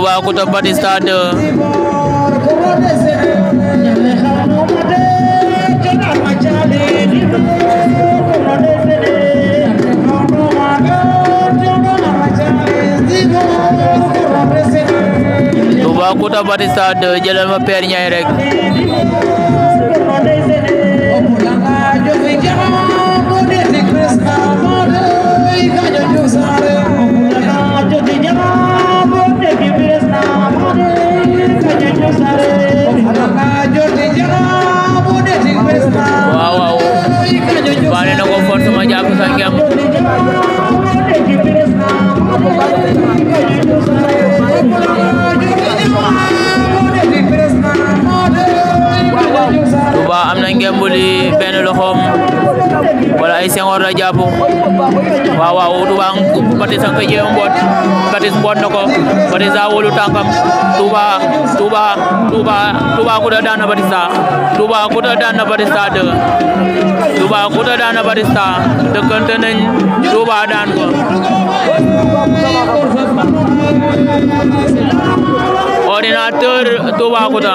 Toubacouta Batista 2 Toubacouta Batista 2 jëlal ma Père Ndiaye rek waaw waaw baale na ko force ma jàpp sa ngem ngemb ben benn loxoom wala ay sengoor la jàpp waaw waaw Touba Batista nga pati jéem a mboot Batista mboot na ko Batista wóolu duba Touba Touba Touba Touba duba daan na barista, Touba Kuta daan na Batista dë Touba nañ Touba daan ko ordinateur Touba Kuta